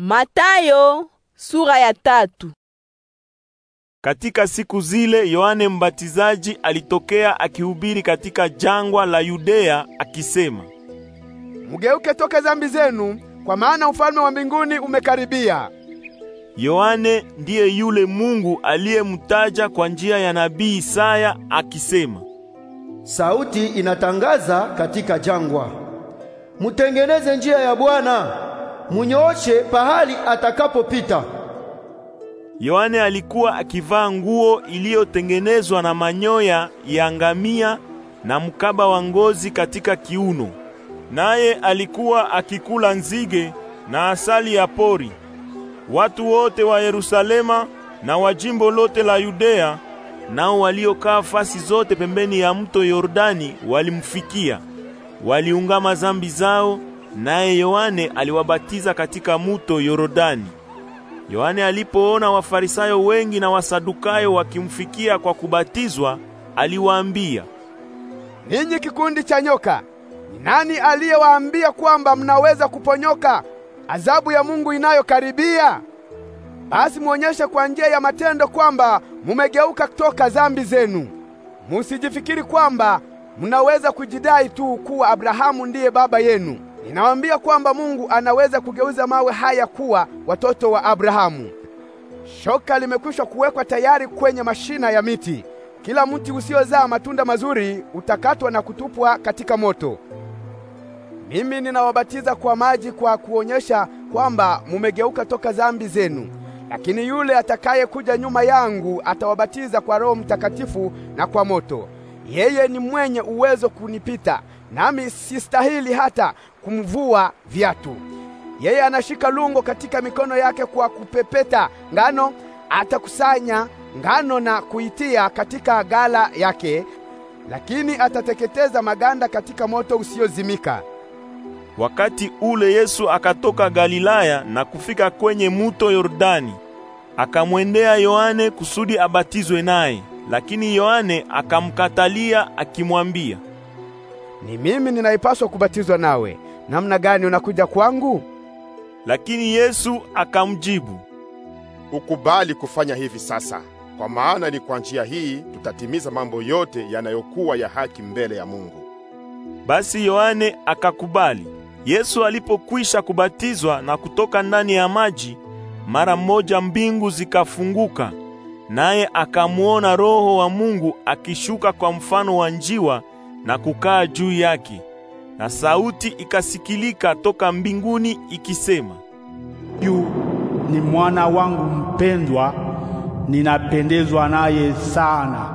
Matayo sura ya tatu. Katika siku zile Yohane Mbatizaji alitokea akihubiri katika jangwa la Yudea akisema, Mugeuke toka dhambi zenu, kwa maana ufalme wa mbinguni umekaribia. Yohane ndiye yule Mungu aliyemtaja kwa njia ya nabii Isaya akisema, sauti inatangaza katika jangwa, mutengeneze njia ya Bwana munyooshe pahali atakapopita. Yohane alikuwa akivaa nguo iliyotengenezwa na manyoya ya ngamia na mkaba wa ngozi katika kiuno, naye alikuwa akikula nzige na asali ya pori. Watu wote wa Yerusalema na wa jimbo lote la Yudea nao waliokaa fasi zote pembeni ya mto Yordani walimfikia, waliungama zambi zao naye Yohane aliwabatiza katika muto Yorodani. Yohane alipoona Wafarisayo wengi na Wasadukayo wakimfikia kwa kubatizwa, aliwaambia, ninyi kikundi cha nyoka, ni nani aliyewaambia kwamba mnaweza kuponyoka adhabu ya Mungu inayokaribia? Basi muonyeshe kwa njia ya matendo kwamba mumegeuka kutoka dhambi zenu. Musijifikiri kwamba mnaweza kujidai tu kuwa Abrahamu ndiye baba yenu. Ninawaambia kwamba Mungu anaweza kugeuza mawe haya kuwa watoto wa Abrahamu. Shoka limekwishwa kuwekwa tayari kwenye mashina ya miti. Kila mti usiozaa matunda mazuri utakatwa na kutupwa katika moto. Mimi ninawabatiza kwa maji kwa kuonyesha kwamba mumegeuka toka dhambi zenu, lakini yule atakayekuja nyuma yangu atawabatiza kwa Roho Mtakatifu na kwa moto. Yeye ni mwenye uwezo kunipita, nami sistahili hata kumvua viatu. Yeye anashika lungo katika mikono yake kwa kupepeta ngano, atakusanya ngano na kuitia katika gala yake, lakini atateketeza maganda katika moto usiozimika. Wakati ule Yesu akatoka Galilaya na kufika kwenye muto Yordani, akamwendea Yohane kusudi abatizwe naye, lakini Yohane akamkatalia akimwambia, ni mimi ninaipaswa kubatizwa nawe namna gani unakuja kwangu? Lakini Yesu akamjibu, ukubali kufanya hivi sasa, kwa maana ni kwa njia hii tutatimiza mambo yote yanayokuwa ya haki mbele ya Mungu. Basi Yohane akakubali. Yesu alipokwisha kubatizwa na kutoka ndani ya maji, mara moja mbingu zikafunguka, naye akamwona Roho wa Mungu akishuka kwa mfano wa njiwa na kukaa juu yake na sauti ikasikilika toka mbinguni ikisema, yu ni mwana wangu mpendwa, ninapendezwa naye sana.